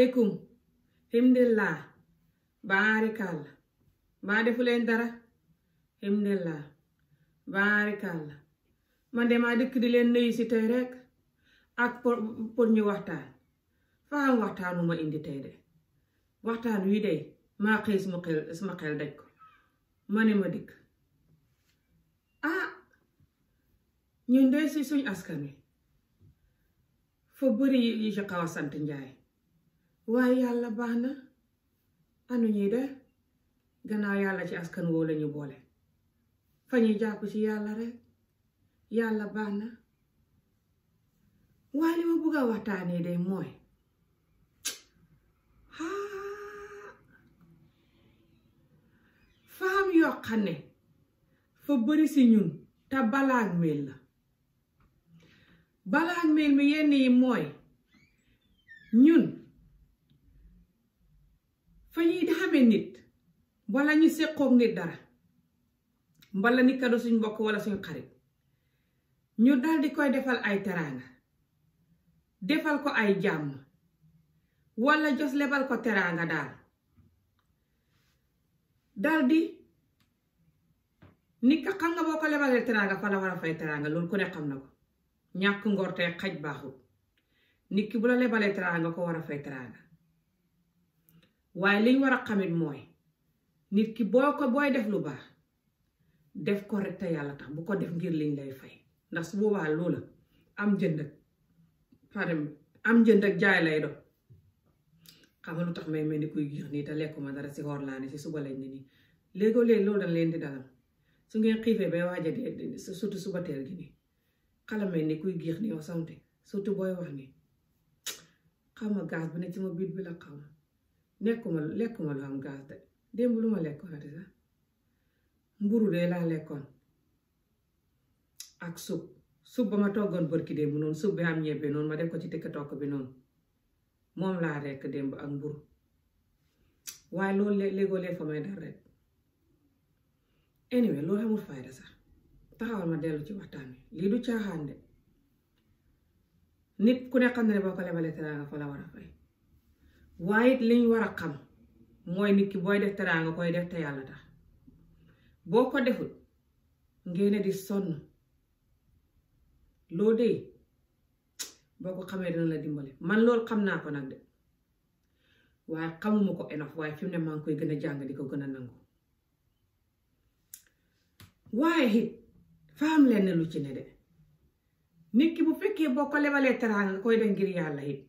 asalaamaaleykum himdillah baarikàlla mbaa defu leen dara himdillah baarikàlla man de maa dikk di leen nuyu si tey rek ak pour ñu waxtaan faam waxtaanu ma indi tey de waxtaan wi de maa xëy suma xel daj ko ma ne ma dikk ah ñun de suñ askan wi foo bëri yi ci xaw a sant njaay waaye yàlla baax na anu ñii de gannaaw yàlla ci askan woo lañu boole fa ñuy jàpp ci yàlla rek yàlla baax na waaye li ma bëgg a waxtaanee day mooy faam yoo xam ne fa bëri si ñun te balaag mel la balaag mel mi yenn yi mooy ñun nit wala ñu seqoog nit dara mbala ni kado suñ bokk wala suñ xarit ñu dal di koy defal ay teranga defal ko ay jamm wala jos lebal ko teranga dal dal di ni ka xam nga boko lebal teranga fa la wara fay teranga lool ku ne xam nako ñak ngor xaj baaxul nit ki bu la lebal teranga ko wara fay teranga waaye liñ war a xamit mooy nit ki boo ko booy def lu baax def ko rek te yàlla tax bu ko def ngir liñ lay fay ndax su boobaa loola am jënd ak am jënd ak jaay lay doon xam nga lu tax may mel ni kuy giix nii te lekkuma dara si xoor laa ne si suba lañ ne léegoo léeg loolu dañ leen di dalal su ngeen xiifee bay waaj a dee surtout suba teel gi nii xala ni kuy giix nii yow sante surtout booy wax nii xaw ma gaz bi ne ci ma biit bi la xaw lekkuma lekkuma lu am gaz de démb lu ma lekkoon ati sax mburu de laa lekkoon ak sup sup ba ma toggoon bërki démb noonu sup bi am ñebbe noonu ma def ko ci tikk tokk bi noonu moom laa rekk démb ak mburu waaye loolu léegoo lee fa may dal rek anyway loolu amul fayda sax taxawal ma dellu ci waxtaan wi lii du caaxaan de nit ku ne xam ne boo ko lebalee teraanga fa la war a fay waayit liñ war a xam mooy nit ki booy def tara nga koy def te yàlla tax boo ko defut ngeene di sonn loo dee boo ko xamee dina la dimbale man loolu xam naa ko nag de waaye xamuma ko enof waaye fi mu ne maa ngi koy gën a jàng di ko gën a nangu waaye it faam leen ne lu ci ne de nit ki bu fekkee boo ko lebalee tara nga koy def ngir yàlla it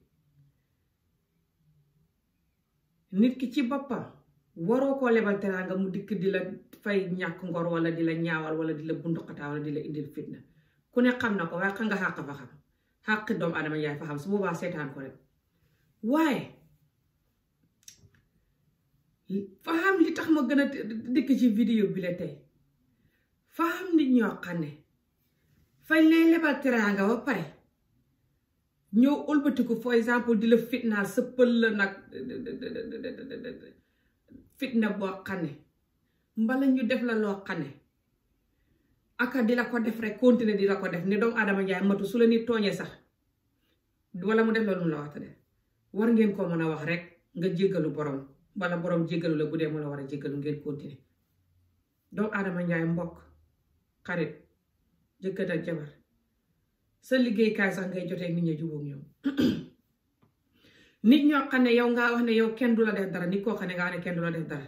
nit ki ci boppam waroo koo lebal teraanga mu dikk di la fay ñàkk ngor wala di la ñaawal wala di la bunduxataa wala di la indil fitna ku ne xam na ko waaye xam nga xàq fa xam xàq doomu adama yaay fa xam su boobaa seetaan ko rek waaye li tax ma gën a dikk ci vidéo bi la tey faham nit ñoo xam ne fañ lay lebal teraanga ba pare ñëw ëlbatiku for exemple di la fitna sëppal la nag fitna boo xane mbala ñu def la loo ne aka di la ko def rek continuer di la ko def ne doomu aadama njaay matu su la nit tooñee sax wala mu def la lu la wax de war ngeen ko mën a wax rek nga jéggalu borom bala borom jéggalu la bu dee mu la war a jéggalu ngeen continuer doomu adama njaay mbokk xarit jëkkër ak jabar sa liggéeykaay sax ngay jotee nit ña jubóog nit ñoo xam ne yow ngaa wax ne yow kenn du la def dara nit koo xam ne ngaa ne kenn du la def dara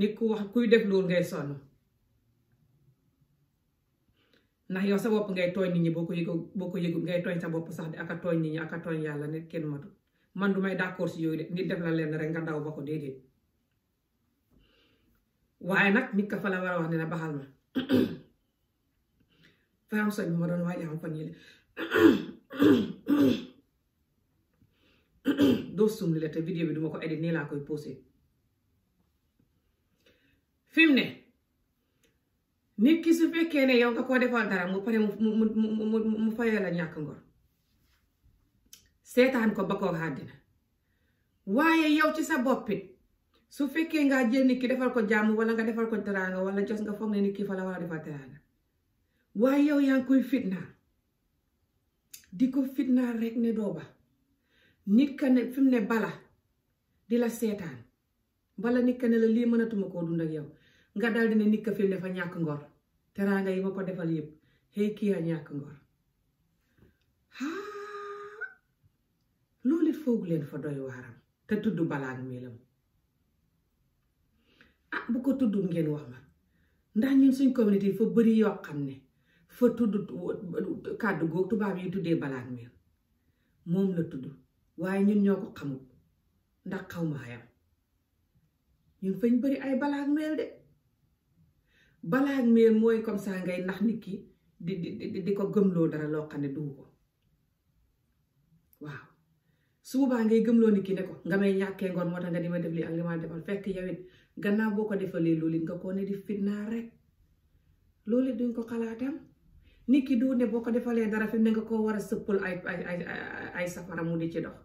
nit ku wax kuy def loolu ngay sonn ndax yow sa bopp ngay tooñ nit ñi boo ko yëgoo ngay tooñ sa bopp sax di aka tooñ nit ñi aka tooñ yàlla ne kenn matu man du may d'accord si yooyu de nit def la leen rek nga daw ba ko déedéet waaye nag nit ka fa la war a wax ne la baxal ma faam soñ bi doon waaj a xam fan yële doo sumli la te vidéo bi duma ko edit nii laa koy posé fi mu ne nit ki su fekkee ne yow nga koo defal dara mu pare mu mu mu mu fayal la ñàkk ngor seetaan ko ba koo àddina waaye yow ci sa boppit su fekkee ngaa jël nit ki defal ko jàmm wala nga defal ko teraanga wala jos nga foog ne nit ki fa la war a defal waaye yow yaa ngi fitna Diko fitna rekne rek ne doba nit ka ne fim ne bala di la setan, bala nit ka ne la lii mënatuma koo dund ak yow nga dal ne nit ka fim ne fa ñak ngor teranga yi ma defal yeb hey ki ya ñak ngor ha lolu it len fa doy waram te bala ak melam ah bu ko tuddu ngeen wax ma ndax ñun suñ community fa bari yo xamne fa tudd kàddu googu tubaab yi tuddee balaat miir moom la tudd waaye ñun ñoo ko xamut ndax xaw ma xayam ñun fañ bëri ay balaat miir de balaat miir mooy comme ça ngay nax nit ki di di di ko gëmloo dara loo xam ne du ko waaw su boobaa ngay gëmloo nit ki ne ko nga may ñàkkee ngoon moo tax nga di ma def lii ak li ma defal fekk yow it gannaaw boo ko defalee loolu nga ko ne di fitnaa rek loolu duñ ko xalaatam nikki duurne boo ko defalee dara fi nanga koo war a sëppal ay ay ay ay safara mu di ci dox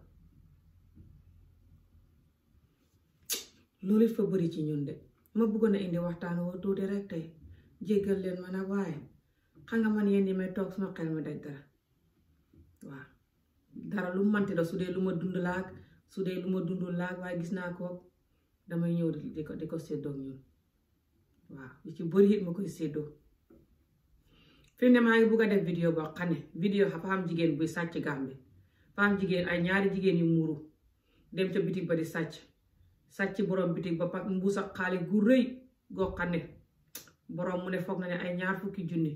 loolu it fa bëri ci ñun de ma bëggoon a indi waxtaan woo tuuti rek tey jéggal leen ma nag waaye xa nga man yenn may toog sama xel ma daj dara waaw dara lu mante la su dee lu ma dund laag su dee lu ma dund laag waaye gis naa koog damay ñëw di ko di ko séddoog ñun waaw yu ci bëri it ma koy séddoo fi ma ngi bugg a def video bo xane video ha fam jigen bu sacc gambe fam jigen ay ñaari jigen yu muru dem ci bitig ba di sacc sacc borom bitig ba pa mbuusa xali gu reuy go xane borom mu ne fokk na ne ay ñaar fukki junni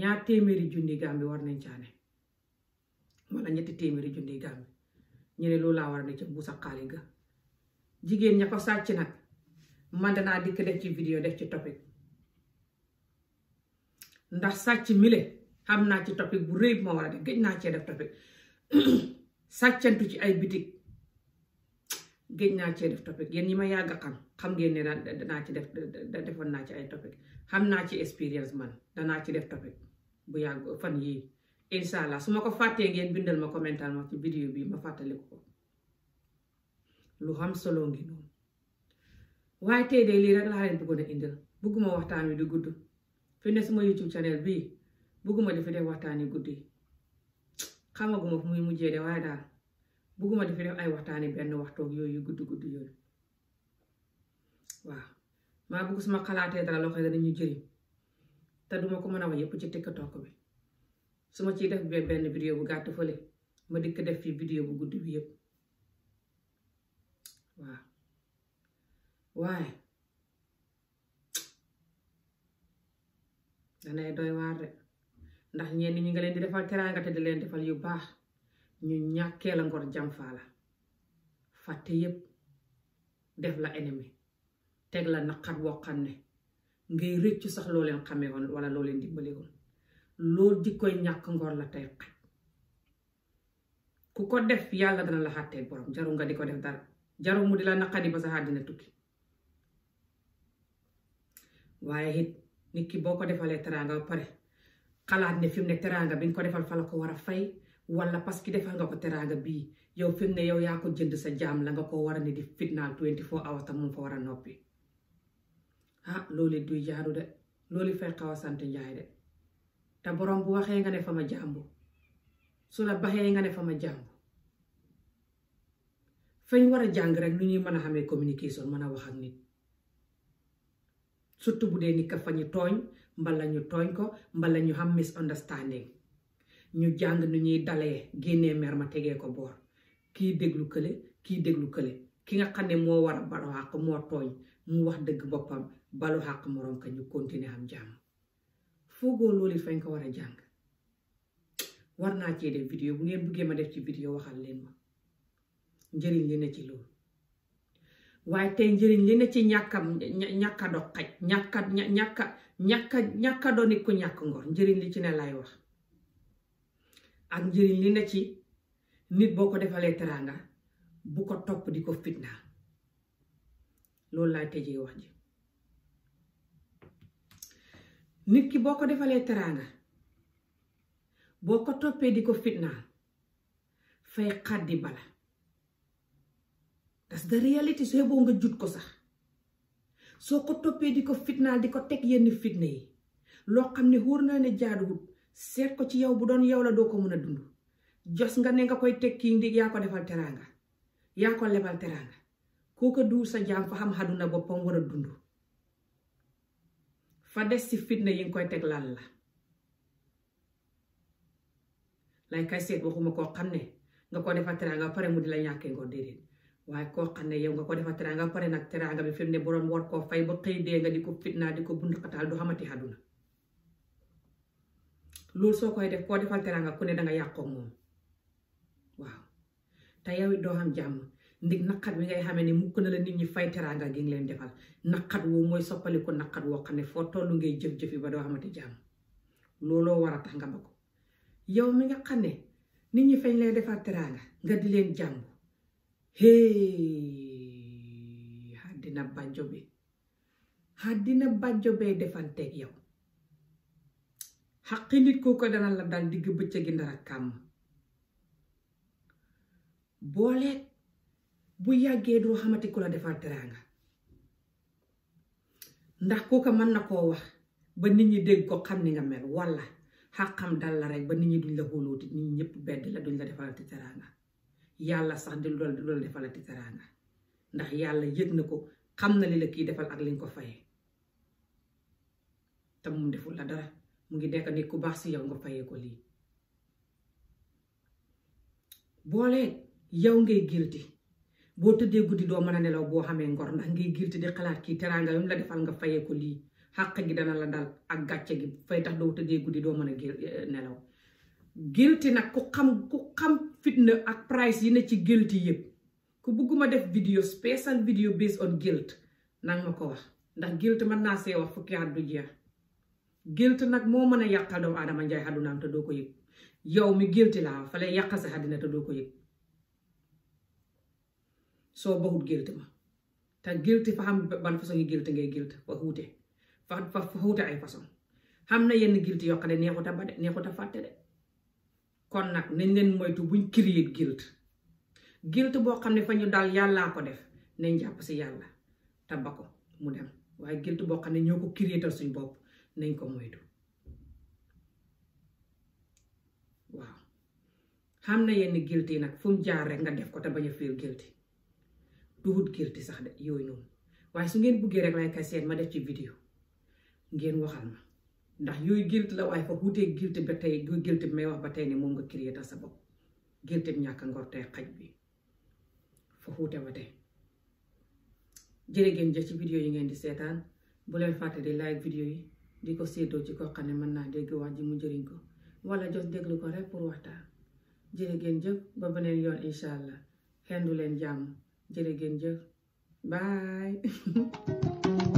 ñaar téméri junni gambe war nañ caane wala ñetti téméri junni gambe ñene war na ci ga jigen ñako sacc nak man dana dik def ci video def ci topic ndax sàcc mile xam naa ci topic bu rëy bu ma war a géej naa cee def topic sàccantu ci ay bitig géej naa cee def topic yéen yi ma yàgg xam xam ngeen ne danaa ci def defoon naa ci ay topic xam naa ci expérience man danaa ci def topic bu yàgg fan yii incha allah su ma ko fàttee ngeen bindal ma commentaire ma ci vidéo bi ma fàttaliku ko lu xam solo ngi noonu waaye tey de lii rek laa leen bëggoon bëgguma waxtaan wi di gudd fi ne suma youtube channel bii bugguma di fi def waxtaani guddi xamaguma fu muy mujjee de waaye daal bugguma di def ay waxtaani benn waxtoog yooyu guddi guddi yooyu waaw maa bugg suma xalaatee dara loo xam ne dañuy jëriñ te duma ko mën a wax yëpp ci tiktok bi suma ciy def benn vidéo bu gàtt fële ma dikk def fii vidéo bu guddi bi yëpp waaw waaye danay doy e waar rek ndax ñeen ñi nga leen di defal teranga te di leen defal yu baax ñu ñaké la ngor jam faala faté yépp def la ennemi teg la naqar boo xamné ngay rëccu sax lo leen xamé won wala lo leen dimbali won lo di koy ñak ngor la tay xat ku ko def yalla dana la borom jaru nga diko def dara jaru mu di la naqari ba sa hadina tukki waye hit nikki boo ko defale teranga pare xalaat ne fim ne teranga bi ko defal fala ko wara fay walla parce que defal nga ko teranga bi yow fim ne yow yaa ko jënd sa jaam la nga ko wara ni di fitnal 24 hours ta mum fa wara noppi ha ah, loolu duy jaaru de loolu fay xawa sante njaay de te borom bu waxee nga ne fama jàmbu su la baxee nga ne fama jàmbu fañ war a jàng rek lu ñuy mën a xamee communication mën a wax ak nit surtout bu dee ni ka fa ñu tooñ mbala ñu tooñ ko mbala ñu xam misunderstanding ñu jàng nu ñuy dalee génnee mer ma tegee ko boor kii déglu kële kii déglu kële ki nga xam ne moo war a balu xàq moo tooñ mu wax dëgg boppam balu xàq moroom ka ñu continuer am jàmm foogoo loolu fañ ko war a jàng war naa cee def vidéo bu ngeen buggee ma def ci vidéo waxal leen ma njëriñ li ne ci loolu waaye tey njëriñ li na ci ñàkkam ñàkka xaj ñàkka ñàkka ñàkka nit ku ñàkk ngor njëriñ li ci ne lay wax ak njëriñ li na ci nit boo ko defalee teraanga bu ko topp di ko loolu laay tëjee wax ji ki boo ko defalee teraanga boo ko toppee di ko fitnaa fay xaddi bala that's the reality soo boo nga jut ko sax soo ko toppee di ko fitnaal di ko teg yenn fitna yi loo xam ne wóor naa ne jaaduwut seet ko ci yow bu doon yow la doo ko mën a dund jos nga ne nga koy teg kii ndi yaa ko defal teraanga yaa ko lebal teraanga kooka duur sa jaam fa xam xaduna boppam war a dund fa des ci fitna yi nga koy teg laal la lay kay seet waxuma koo xam ne nga ko defal teraanga pare mu di la ñàkkee ngor déedéet waaye koo xam ne yow nga ko defal teraanga pare nag teraanga bi fi ne borom war koo fay ba xëy dee nga ko fitnaa di ko bund xataal du xamati àdduna soo koy def koo defal teraanga danga yàqoo moom waaw yow it doo xam jàmm ndig naqat bi ngay xamee ne mukk na la nit ñi fay teraanga gi ngi leen defal naqat mooy soppali naqat woo xam ne foo tollu ngay jëf-jëfi ba doo xamati jàmm looloo war a tax nga ko yow mi nga xam ne nit ñi fañ lay defal teraanga nga di leen jàmm hey àddina bàjjo bi àddina bàjjo bee defanteeg yow xaqi nit koo ko dana la dal digg bëccëgi ndara kàmm booleet bu yàggee doo xamati ku la defal teraanga ndax kooka mën na koo wax ba nit ñi dégg ko xam ni nga mel walla xaqam dal la rek ba nit ñi duñ la xóolooti nit ñi ñëpp bedd la duñ la defal teraanga yalla sax di lol dool defalati teraanga ndax yàlla yëg na ko li la ki defal ak liñ ko fayé tam mu deful la dara mu ngi dekk nit ku bax ci yow nga fayé ko li bolé yow ngay girti bo tuddé guddi do mëna nelaw bo xamé ngor ndax ngay girti di xalaat ki teranga yum la defal nga fayé ko li gi dana la dal ak gatché gi fay tax do tuddé guddi do mëna eh, nelaw guilty nag ku xam ku xam fitna ak price yi ne ci guilty yépp ku bëgguma def vidéo spécial vidéo based on guilt nang ma ko wax ndax guilt mën naa see wax fukki at du jeex guilt nag moo mën a yàqal doomu aadama njaay xadunaam te doo ko yëg yow mi guilty laa fa lay yàqal sa xaddina te doo ko yëg soo baxut guilt ma te guilt fa xam ban façon yi guilt ngay guilt fa xuute fa xuute ay façon xam na yenn guilt yoo xam ne neexut a ba de neexut a kon nag nañ leen moytu buñ créer guilt guilt boo xam ne fa ñu dal yàllaa ko def nañ jàpp si yàlla te ba ko mu dem waaye guilt boo xam ne ñoo ko créer suñ bopp nañ ko moytu waaw xam na yenn guilt yi nag fu mu jaar rek nga def ko te bañ fiir guilt duhut guilt sax de yooyu noonu waaye su ngeen buggee rek lay kay seet ma def ci vidéo ngeen waxal ma ndax yooyu guilt la waaye fa wutee guilt ba tey du guilt bi may wax ba tey ne moom nga créé sa bopp guilt bi ñàkk ngor xaj bi fa wuute ba tey jërë ngeen jëf ci vidéo yi ngeen di seetaan bu leen fàtte di like vidéo yi di ko séddoo ci koo xam ne mën naa dégg wax ji mu jëriñ ko wala jot déglu ko rek pour waxtaan jërë ngeen jëf ba beneen yoon incha allah xendu leen jàmm jërë ngeen jëf bye